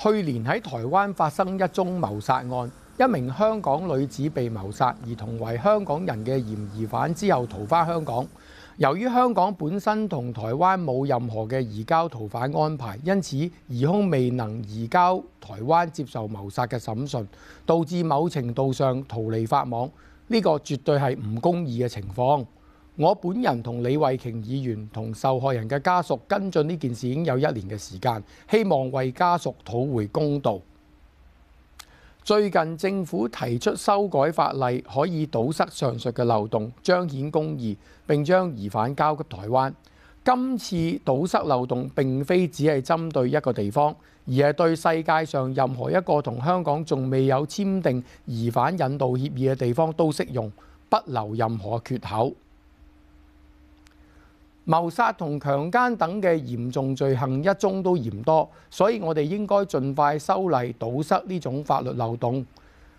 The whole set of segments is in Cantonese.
去年喺台灣發生一宗謀殺案，一名香港女子被謀殺，而同為香港人嘅嫌疑犯之後逃返香港。由於香港本身同台灣冇任何嘅移交逃犯安排，因此疑凶未能移交台灣接受謀殺嘅審訊，導致某程度上逃離法網。呢個絕對係唔公義嘅情況。我本人同李慧瓊議員同受害人嘅家屬跟進呢件事已經有一年嘅時間，希望為家屬討回公道。最近政府提出修改法例，可以堵塞上述嘅漏洞，彰顯公義，並將疑犯交給台灣。今次堵塞漏洞並非只係針對一個地方，而係對世界上任何一個同香港仲未有簽訂疑犯引渡協議嘅地方都適用，不留任何缺口。謀殺同強姦等嘅嚴重罪行一宗都嫌多，所以我哋應該盡快修例堵塞呢種法律漏洞。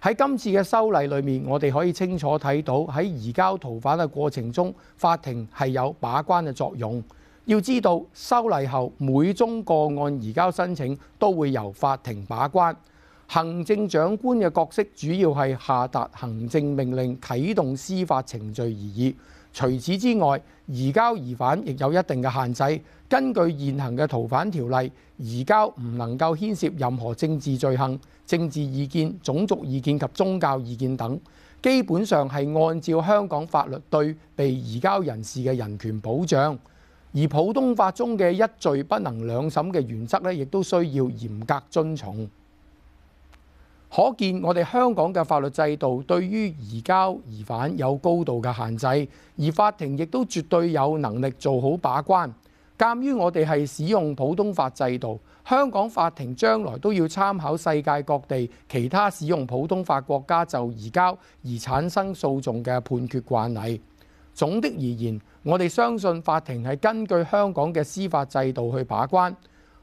喺今次嘅修例裏面，我哋可以清楚睇到喺移交逃犯嘅過程中，法庭係有把關嘅作用。要知道修例後，每宗個案移交申請都會由法庭把關，行政長官嘅角色主要係下達行政命令啟動司法程序而已。除此之外，移交疑犯亦有一定嘅限制。根據現行嘅逃犯條例，移交唔能夠牽涉任何政治罪行、政治意見、種族意見及宗教意見等。基本上係按照香港法律對被移交人士嘅人權保障，而普通法中嘅一罪不能兩審嘅原則呢，亦都需要嚴格遵從。可見我哋香港嘅法律制度對於移交疑犯有高度嘅限制，而法庭亦都絕對有能力做好把關。鑑於我哋係使用普通法制度，香港法庭將來都要參考世界各地其他使用普通法國家就移交而產生訴訟嘅判決慣例。總的而言，我哋相信法庭係根據香港嘅司法制度去把關。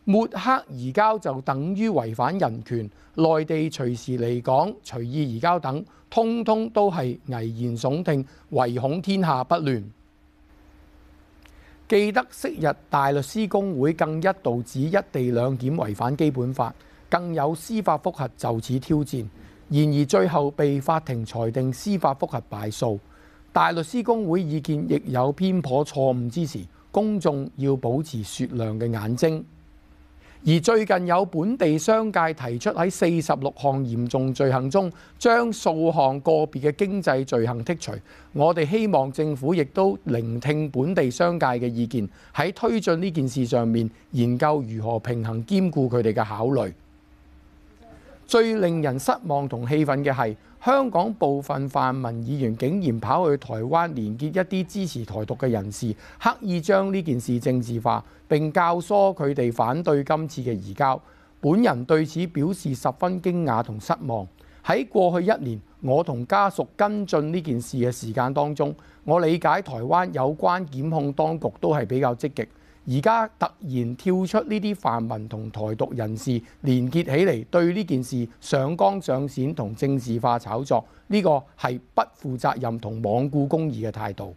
抹黑移交就等於違反人權，內地隨時嚟港、隨意移交等，通通都係危言聳聽，唯恐天下不亂。記得昔日大律師公會更一度指一地兩檢違反基本法，更有司法覆核就此挑戰，然而最後被法庭裁定司法覆核敗訴。大律師公會意見亦有偏頗錯誤之時，公眾要保持雪亮嘅眼睛。而最近有本地商界提出喺四十六項嚴重罪行中，將數項個別嘅經濟罪行剔除。我哋希望政府亦都聆聽本地商界嘅意見，喺推進呢件事上面研究如何平衡兼顧佢哋嘅考慮。最令人失望同氣憤嘅係。香港部分泛民議員竟然跑去台灣連結一啲支持台獨嘅人士，刻意將呢件事政治化，並教唆佢哋反對今次嘅移交。本人對此表示十分驚訝同失望。喺過去一年，我同家屬跟進呢件事嘅時間當中，我理解台灣有關檢控當局都係比較積極。而家突然跳出呢啲泛民同台獨人士連結起嚟，對呢件事上綱上線同政治化炒作，呢個係不負責任同罔顧公義嘅態度。